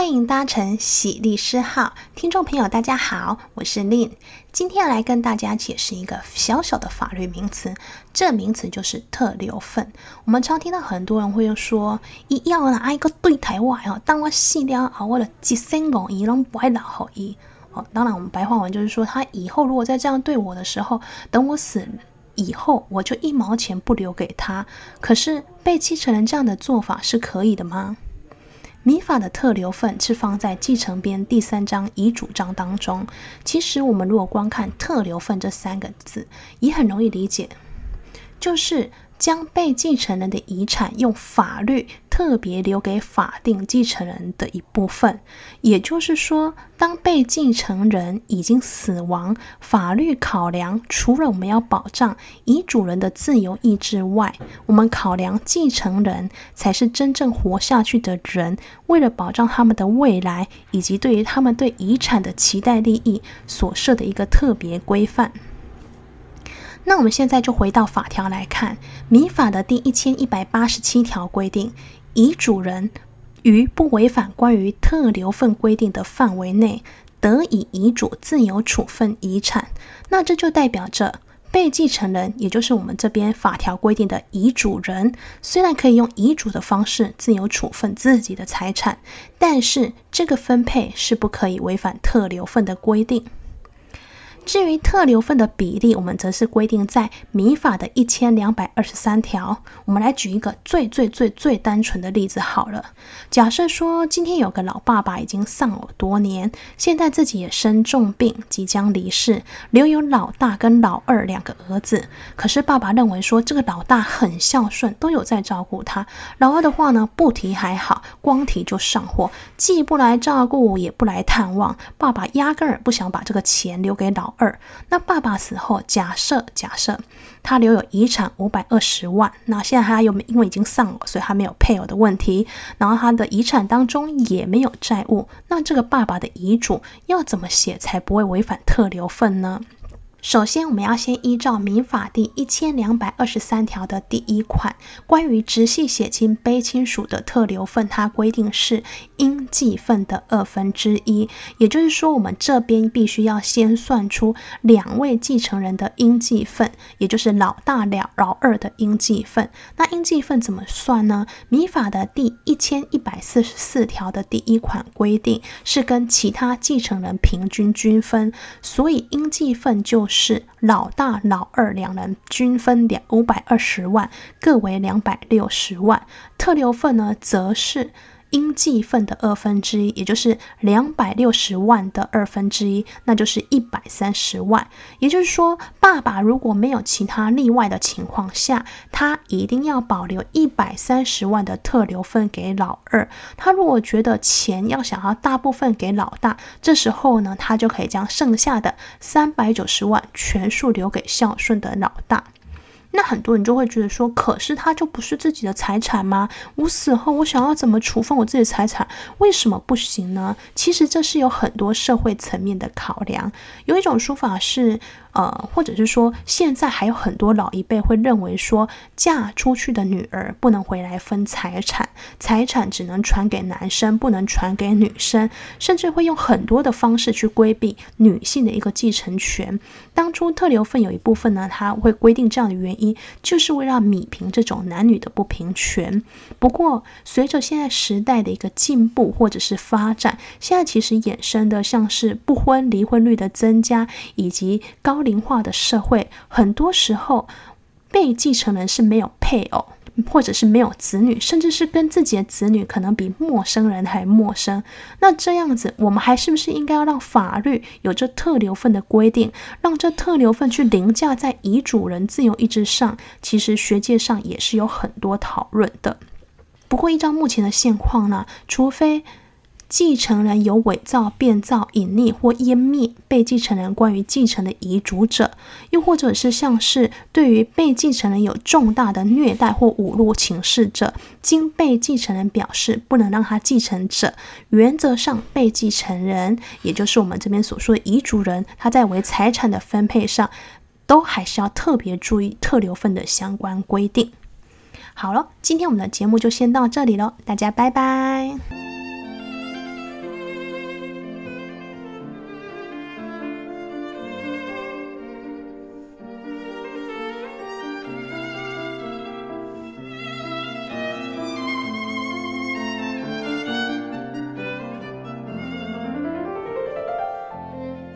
歡迎搭乘喜利師號，聽眾朋友大家好，我是 Lynne，今天來跟大家解釋一個小小的法律名詞，這名詞就是特留分。我們常聽到很多人會說，一要拿一個對台外哈、啊，當我死了啊，我的繼一樣不能白好意哦。當然，我們白話文就是說，他以後如果再這樣對我的時候，等我死以後，我就一毛錢不留給他。可是被繼承人這樣的做法是可以的嗎？民法的特留分是放在繼承編第三章遺囑章當中。其實，我們如果光看“特留分”這三個字，也很容易理解，就是將被繼承人的遺產用法律。特別留給法定繼承人的一部分，也就是說，當被繼承人已經死亡，法律考量除了我們要保障遺囑人的自由意志外，我們考量繼承人才是真正活下去的人，為了保障他們的未來以及對於他們對遺產的期待利益所設的一個特別規範。那我們現在就回到法條來看，《民法》的第一千一百八十七條規定。遺囑人於不違反關於特留分規定的範圍內，得以遺囑自由處分遺產。那這就代表着被繼承人，也就是我們這邊法條規定的遺囑人，雖然可以用遺囑的方式自由處分自己的財產，但是這個分配是不可以違反特留分的規定。至於特留分的比例，我們則是規定在民法的一千兩百二十三條。我們來舉一個最最最最單純的例子好了。假設說今天有個老爸爸已經喪偶多年，現在自己也生重病，即將離世，留有老大跟老二兩個兒子。可是爸爸認為說這個老大很孝順，都有在照顧他；老二的話呢，不提還好，光提就上火，既不來照顧，也不來探望。爸爸壓根兒不想把這個錢留給老二，那爸爸死後，假設假設他留有遺產五百二十萬，那現在他又因為已經喪了，所以他沒有配偶的問題，然後他的遺產當中也沒有債務，那這個爸爸的遺囑要怎麼寫才不會違反特留分呢？首先，我們要先依照民法第一千兩百二十三條的第一款，關於直系血親卑親屬的特留份，它規定是應繼份的二分之一，也就是說，我們這邊必須要先算出兩位繼承人的應繼份，也就是老大了老二的應繼份。那應繼份怎麼算呢？民法的第一千一百四十四條的第一款規定是跟其他繼承人平均均分，所以應繼份就是。是老大、老二兩人均分兩五百二十萬，各為兩百六十萬。特留分呢，則是。應繼分的二分之一，2, 也就是兩百六十萬的二分之一，2, 那就是一百三十萬。也就是說，爸爸如果沒有其他例外的情況下，他一定要保留一百三十萬的特留分給老二。他如果覺得錢要想要大部分給老大，這時候呢，他就可以將剩下的三百九十萬全數留給孝順的老大。那很多人就會覺得說，可是他就不是自己的財產嗎？我死後，我想要怎麼處分我自己的財產？為什麼不行呢？其實這是有很多社會層面的考量。有一種說法是，呃，或者是說，現在還有很多老一輩會認為說，嫁出去的女兒不能回來分財產，財產只能傳給男生，不能傳給女生，甚至會用很多的方式去規避女性的一個繼承權。當初特留分有一部分呢，他會規定這樣的原因。一就是為了讓弭平這種男女的不平權。不過，隨着現在時代的一個進步或者是發展，現在其實衍生的像是不婚、離婚率的增加，以及高齡化的社會，很多時候被繼承人是沒有配偶，或者是沒有子女，甚至是跟自己的子女可能比陌生人還陌生。那這樣子，我們還是不是應該要讓法律有這特留分的規定，讓這特留分去凌駕在遺囑人自由意志上？其實學界上也是有很多討論的。不過依照目前的現況呢，除非。繼承人有偽造、變造、隱匿或湮滅被繼承人關於繼承的遺囑者，又或者是像是對於被繼承人有重大的虐待或侮辱情事者，經被繼承人表示不能讓他繼承者，原則上被繼承人，也就是我們這邊所說的遺囑人，他在為財產的分配上，都還是要特別注意特留分的相關規定。好了，今天我們的節目就先到這裡了，大家拜拜。